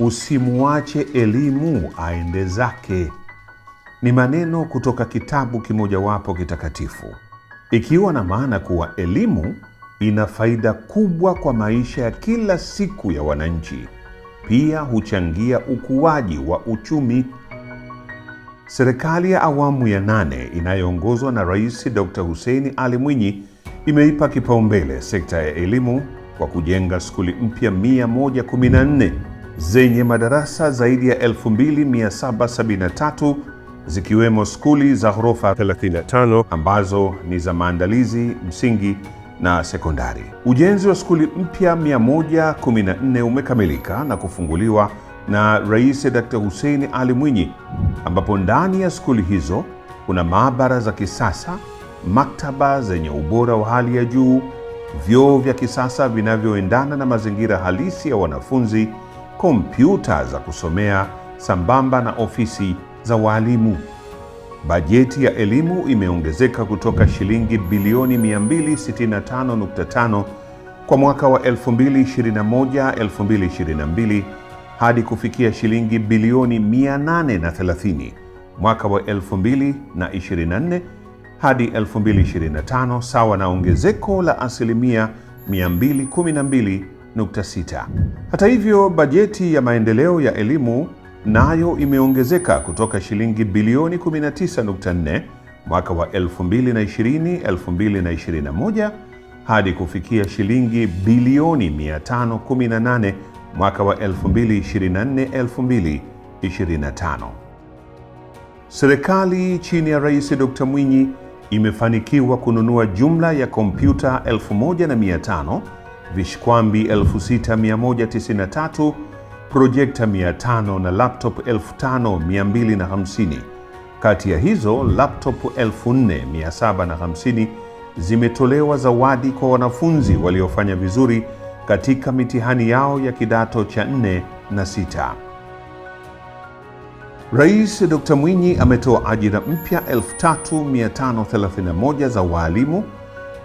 usimuache elimu aende zake. Ni maneno kutoka kitabu kimojawapo kitakatifu, ikiwa na maana kuwa elimu ina faida kubwa kwa maisha ya kila siku ya wananchi. Pia huchangia ukuaji wa uchumi. Serikali ya awamu ya nane inayoongozwa na Rais Dr. huseini Ali Mwinyi imeipa kipaumbele sekta ya elimu kwa kujenga skuli mpya 114 zenye madarasa zaidi ya 2773 zikiwemo skuli za ghorofa 35 ambazo ni za maandalizi, msingi na sekondari. Ujenzi wa skuli mpya 114 umekamilika na kufunguliwa na Rais Dr. Hussein Ali Mwinyi, ambapo ndani ya skuli hizo kuna maabara za kisasa, maktaba zenye ubora wa hali ya juu, vyoo vya kisasa vinavyoendana na mazingira halisi ya wanafunzi kompyuta za kusomea sambamba na ofisi za walimu. Bajeti ya elimu imeongezeka kutoka shilingi bilioni 265.5 kwa mwaka wa 2021-2022 hadi kufikia shilingi bilioni 830 mwaka wa 2024 hadi 2025, sawa na ongezeko la asilimia 212 4.6. Hata hivyo, bajeti ya maendeleo ya elimu nayo imeongezeka kutoka shilingi bilioni 19.4 mwaka wa 2020-2021 hadi kufikia shilingi bilioni 518 mwaka wa 2024-2025. Serikali chini ya Rais Dr. Mwinyi imefanikiwa kununua jumla ya kompyuta 1500 vishkwambi 6193, projekta 500 na laptop 5250. Kati ya hizo laptop 4750 zimetolewa zawadi kwa wanafunzi waliofanya vizuri katika mitihani yao ya kidato cha 4 na sita. Rais Dr. Mwinyi ametoa ajira mpya 3531 za waalimu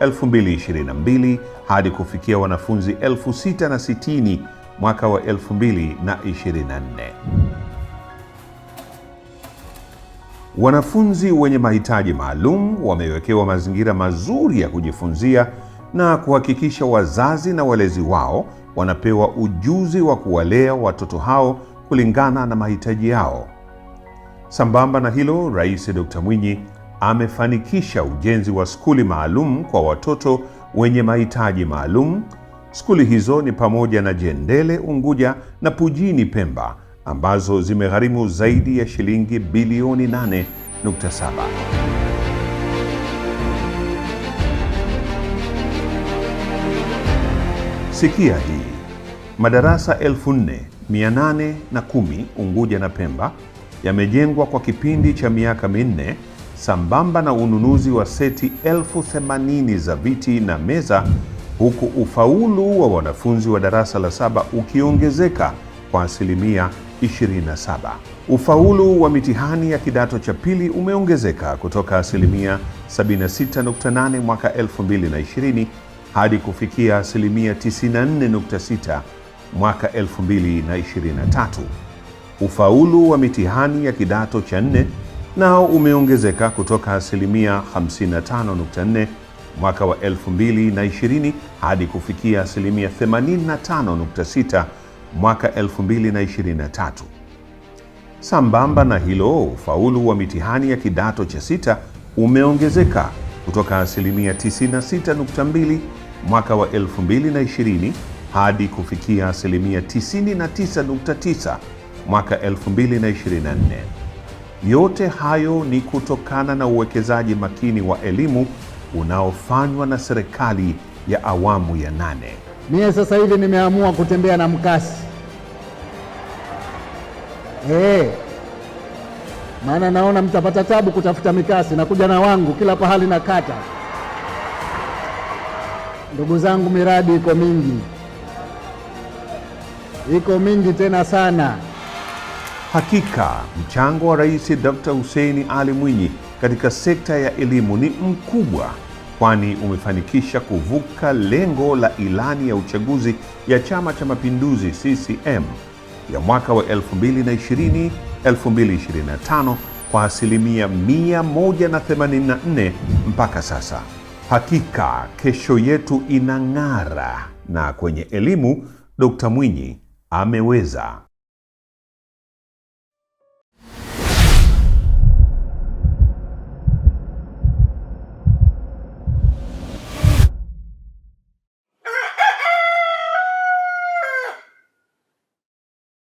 2022 hadi kufikia wanafunzi 660 mwaka wa 2024. Wanafunzi wenye mahitaji maalum wamewekewa mazingira mazuri ya kujifunzia na kuhakikisha wazazi na walezi wao wanapewa ujuzi wa kuwalea watoto hao kulingana na mahitaji yao. Sambamba na hilo, Rais Dr. Mwinyi amefanikisha ujenzi wa skuli maalum kwa watoto wenye mahitaji maalum. Skuli hizo ni pamoja na Jendele Unguja na Pujini Pemba ambazo zimegharimu zaidi ya shilingi bilioni 8.7. Sikia hii: madarasa 4810 Unguja na Pemba yamejengwa kwa kipindi cha miaka minne sambamba na ununuzi wa seti elfu themanini za viti na meza, huku ufaulu wa wanafunzi wa darasa la saba ukiongezeka kwa asilimia 27. Ufaulu wa mitihani ya kidato cha pili umeongezeka kutoka asilimia 76.8 mwaka 2020 hadi kufikia asilimia 94.6 mwaka 2023. Ufaulu wa mitihani ya kidato cha nne nao umeongezeka kutoka asilimia 55.4 mwaka wa 2020 hadi kufikia asilimia 85.6 mwaka 2023. Sambamba na hilo, ufaulu wa mitihani ya kidato cha sita umeongezeka kutoka asilimia 96.2 mwaka wa 2020 hadi kufikia asilimia 99.9 mwaka 2024. Yote hayo ni kutokana na uwekezaji makini wa elimu unaofanywa na serikali ya awamu ya nane. Mie sasa hivi nimeamua kutembea na mkasi hey. Eh, maana naona mtapata tabu kutafuta mikasi, nakuja na wangu kila pahali na kata. Ndugu zangu, miradi iko mingi, iko mingi tena sana. Hakika mchango wa Rais Dr. Hussein Ali Mwinyi katika sekta ya elimu ni mkubwa, kwani umefanikisha kuvuka lengo la ilani ya uchaguzi ya Chama cha Mapinduzi CCM ya mwaka wa 2020 2025 kwa asilimia 184 mpaka sasa. Hakika kesho yetu inang'ara, na kwenye elimu Dr. Mwinyi ameweza.